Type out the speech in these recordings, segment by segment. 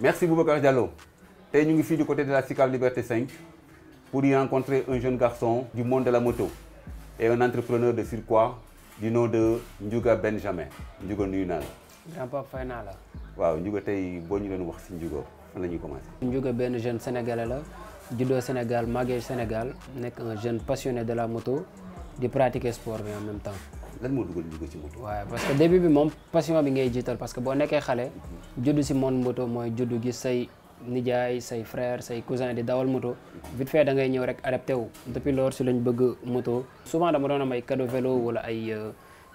merci Boubacar Diallo tey ñu ngi fii du côté de la Sicap Liberté cinq pour y rencontrer un jeune garçon du monde de la moto et un entrepreneur de surcroît du nom de Ndiouga Benjamin Ndiouga nuyu naa la. grand papa fay naa la. waaw Ndiouga tey boo ñu doon wax si Ndiouga fan la ñuy commencé. Ndiouga benn jeune sénégalais la juddoo Sénégal màggee Sénégal nekk un jeune passionné de la moto di pratiquer sport bi am même temps. lan moo dugal ñu ci moto. waaw parce que début bi moom passion bi ngay jiital parce que boo nekkee xale. juddu si monde moto mooy juddu gi say nijaay say frère say cousin di dawal moto. vite fait da ngay ñëw rek adapté wu. depuis loolu si lañ bëgg moto. souvent dama doon am ay cadeau vélo wala ay euh,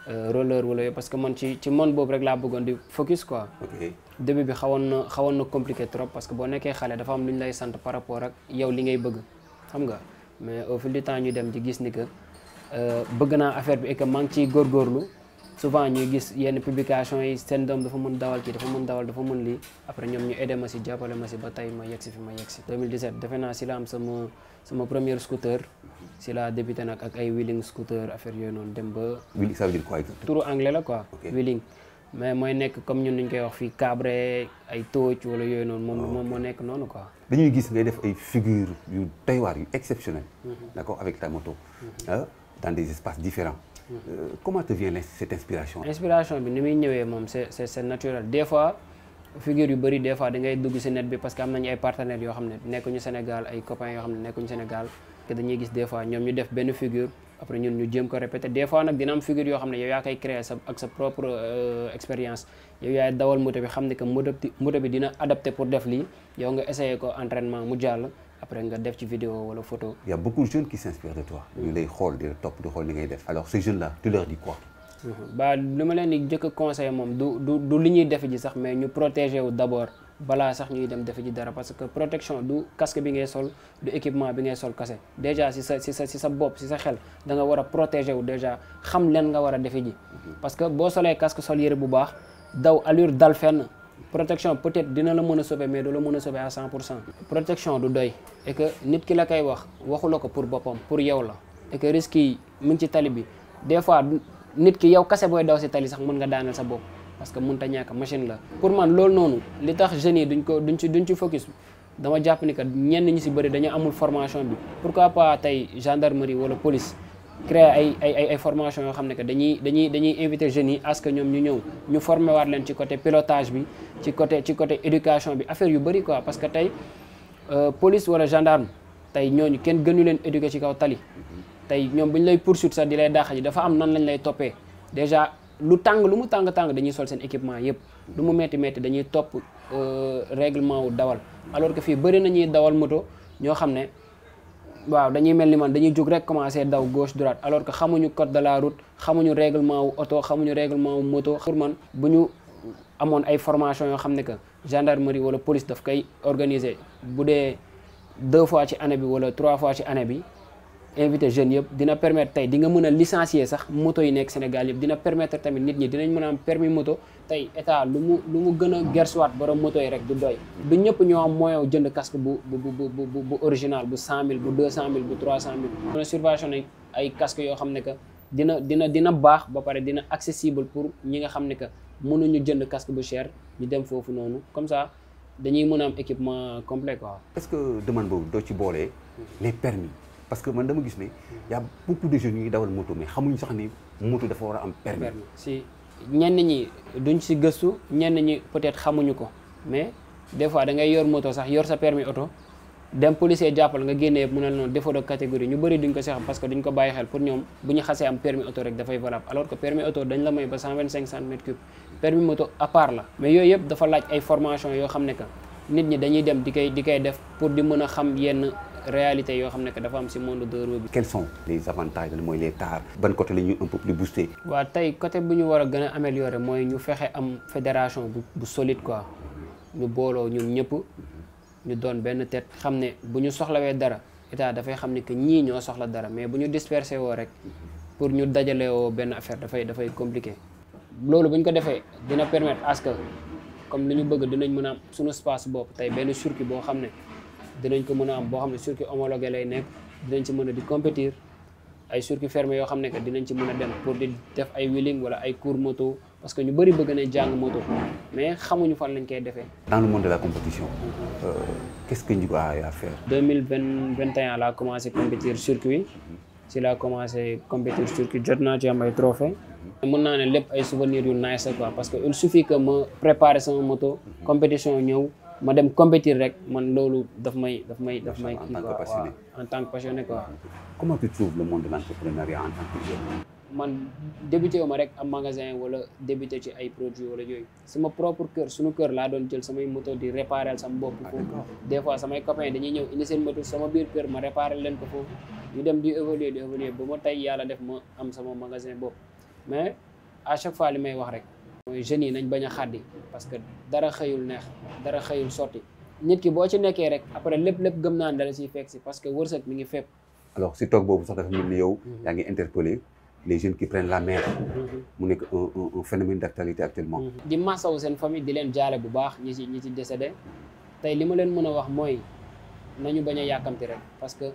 euh, roller wala yooyu que man ci ci monde boobu rek laa bëggoon di focus quoi. début bi xawoon na xawoon na compliqué trop parce que boo nekkee xale dafa am lu ñu lay sant par rapport ak yow li ngay bëgg xam nga mais au fil du temps ñu dem di gis ni que. Euh, bëgg naa affaire bi et que maa ngi ciy góorgóorlu souvent ñuy gis yenn publication yi seen doom dafa mën dawal ci dafa mën dawal dafa mën lii après ñoom ñu aidé ma si jàppale ma si ba tey ma yegg si fi ma yegg si 2017 defe naa si la am sama sama première scooter si la débuté nag ak ay wheeling scooter affaire yooyu noonu dem ba. wheeling ça veut dire quoi exactement. turu anglais la quoi. wheeling mais mooy nekk comme ñun ñu koy wax fii cabré ay tooc wala yooyu noonu. moom moom moo nekk noonu quoi. dañuy gis ngay def ay figure yu doy waar yu exceptionnel. Mhm. d'accord avec ta moto. Mhm. Ah, dans des espaces différents euh, comment te bi ni muy ñëwee moom c'est c'est des fois figure yu bëri des fois da ngay dugg si net bi parce que am nañu ay partenaires yoo xam ne nekkuñu Sénégal ay copains yoo xam ne nekkuñu Sénégal que dañuy gis des fois ñoom ñu def benn figure après ñun ñu jéem ko répéter des fois nag dina am figure yoo xam ne yow yaa koy créer sa ak propre euh, expérience yow yaay dawal moto bi xam ne que moto bi dina adapté pour def lii yow nga essayé ko entraînement mu jàll après nga def ci vidéo wala photo. y' beaucoup de jeunes qui s'inspirent de toi. ñu lay xool di la topp xool li ngay def. alors ces jeunes là leur dis quoi. Mhm. ba li ma leen di njëkk a conseillé moom du li ñuy def ji sax mais ñu protéger wu d' abord balaa sax ñuy dem def ji dara parce que protection du casque bi ngay sol du équipement bi ngay sol kase déjà si sa si sa si sa bopp si sa xel da nga war wu déjà xam leen nga war a defe ji. Mhm. parce que boo solee casque sol yëre bu protection peut-être dina la mën a sauver mais du la mën a sauver à 100 pour cent protection du doy et que nit ki la koy wax waxu la ko pour boppam pour yow la et que risque yi mu ngi ci tali bi des fois nit ki yow kase booy daw si tali sax mën nga daaneel sa bopp parce que mënta ñàkk machine la. pour man loolu noonu li tax jeunes yi duñ ko duñ ci duñ ci focus dama jàpp ni que ñenn ñi si bëri dañu amul formation bi pour pourquoi pas tey gendarmerie wala police. créer ay ay ay formation yoo xam ne que dañuy dañuy dañuy invité jeunes yi à que ñoom ñu ñëw ñu formé waat leen ci côté pilotage bi ci côté ci côté éducation bi affaire yu bëri quoi parce que tey euh, police wala gendarme tey ñooñu kenn gënu leen éduquer ci kaw tali tey ñoom bu ñu lay poursuite sax di lay dàq yi dafa am nan lañ lay toppee déjà lu tàng lu mu tàng tàng dañuy sol seen équipement yëpp lu mu metti metti dañuy topp euh, réglement wu dawal alors que fii bëri nañuy ñoo xam ne waaw dañuy mel ni man dañuy jóg rek commencé daw gauche droite alors que xamuñu code de la route xamuñu règlement wu oto xamuñu règlement wu moto. pour man bu ñu amoon ay formation yoo xam ne que gendarmerie wala police daf kay organiser bu dee deux fois ci année bi wala trois fois ci année bi. invité jeunes yëpp dina permettre tey di nga mën a licencier sax moto yi nekk Sénégal yëpp dina permettre tamit nit ñi dinañ mën a am permis moto tey état lu mu gën a gersuwaat borom moto yi rek du doy bu ñëpp ñoo am moyen wu jënd casque bu bu bu bu bu original bu cent mille bu deux cent mille bu trois cent mille dina subventionné ay casque yoo xam ne que dina dina dina baax ba pare dina accessible pour ñi nga xam ne que mënuñu jënd casque bu cher ñu dem foofu noonu comme ça dañuy mën a am équipement complet quoi. est-ce que demande boobu doo ci boole les parce que man dama gis ne y a beaucoup de dawal moto mais xamuñ sax ni moto dafa war a am permis si ñenn ñi duñ si gëstu ñenn ñi peut xamuñu ko mais des fois yor moto sax yor sa permis oto dem policier jàppal nga génnee mu ne noonu défaut de catégorie ñu bëri duñ ko seexam parce que duñ ko bàyyi xel pour ñoom bu ñu xasee am permis auto rek dafay valable alors que permis auto dañ la may ba 125 centimètres cube permis moto à part réalité yoo xam ne que dafa am si monde de bi. quels ñu un peu plus tey côté bu ñu war a gën a améliorer mooy ñu fexe am fédération bu bu solide quoi ñu booloo ñun ñëpp ñu doon benn tête xam ne bu ñu soxlawee dara état dafay xam ne que ñii ñoo soxla dara mais bu ñu dispersé woo rek pour ñu dajale woo benn affaire dafay dafay compliqué. loolu bu ñu ko defee dina permettre à comme li ñu bëgg dinañ mën a am suñu espace bopp tey benn circuit boo xam ne. dinañ ko mën a am boo xam ne circuit homologué lay nekk dinañ ci mën a di compétir ay circuit fermé yoo xam ne dinañ ci mën a dem pour di def ay wheeling wala ay cours moto parce que ñu bëri bëgg nañ jàng moto mais xamuñu fan lañ koy defee. dans le monde de la compétition euh, qu'est-ce que mille vingt vingt et laa commencé compétir circuit ci laa commencé compétir circuit jot naa ci am ay trophée mën naa ne lépp ay souvenirs yu nice quoi parce que il suffit que ma préparer sama moto compétition ñëw. ma dem compétir rek man loolu daf may daf may daf may kii quoi waaw en tant que passionné quoi. comment tu trouves le man débuté wu ma rek am magasin wala débuté ci ay produits wala yooyu sama propre kër suñu kër laa doon jël samay moto di réparer sama bopp ah, foofu des fois samay copains dañuy ñëw indi moto sama biir kër ma réparer leen ko foofu ñu dem di évoluer di évoluer ba ma tey yàlla def ma am sama magasin boobu mais à chaque fois li may wax rek. jeunes yi nañ bañ a xàddi parce que dara xëyul neex dara xëyul sotti nit ki boo ci nekkee rek après lépp lépp gëm naa ne dala siy fekk si parce que wërsëg mi ngi fépp. alors si toog boobu sax dafa mel ni yow. Mhm. yaa ngi interpellé les jeunes qui prennent la mer. Mhm. mu nekk un phénomène d'actualité actuellement. Mhm. di masawu seen famille di leen jaale bu baax ñi ci ñi ci décédé tey li ma leen mën a wax mooy nañu bañ a yàkkamti rek parce que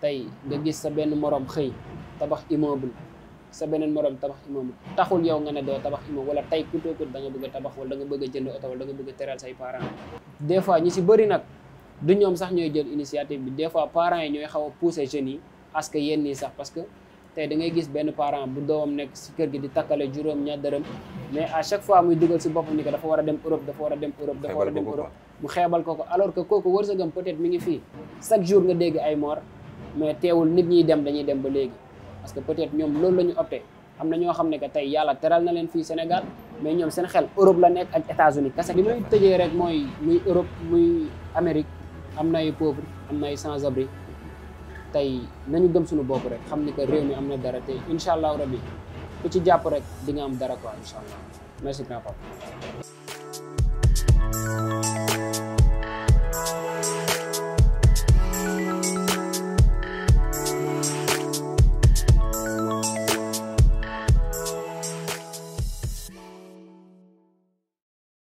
tey nga gis sa benn moroom xëy tabax immeuble. sa beneen morom tabax immeuble taxul yow nga ne doo tabax immeuble wala tey kutoo kut da nga bëgg tabax wala da nga bëgg a jënd oto wala da nga bëgg a teral say parents des fois ñi si bëri nag du ñoom sax ñooy jël initiative bi des fois parents yi ñooy xaw a pousser jeunes yi parce que yenn yi sax parce que tey da gis benn parent bu doomam nekk si kër gi di takkale juróom ñaar dërëm mais à chaque fois muy dugal si boppam ni ko dafa war a dem Europe dafa war a dem Europe a dem Europe ko ko alors que kooku wërsëgam peut-être mi ngi fii chaque jour nga dégg ay mort mais teewul nit ñiy dem dañuy dem ba léegi parce que peut-être ñoom loolu la ñu opté am na ñoo xam ne que tey yàlla teral na leen fii Sénégal mais ñoom seen xel Europe la nekk ak États-Unis kese. li may tëjee rek mooy muy Europe muy Amérique am na ay pauvres am na ay sans abri tey nañu gëm suñu bopp rek xam ni que réew mi am na dara te incha allahu rabi ku ci jàpp rek di am dara quoi incha allah merci grand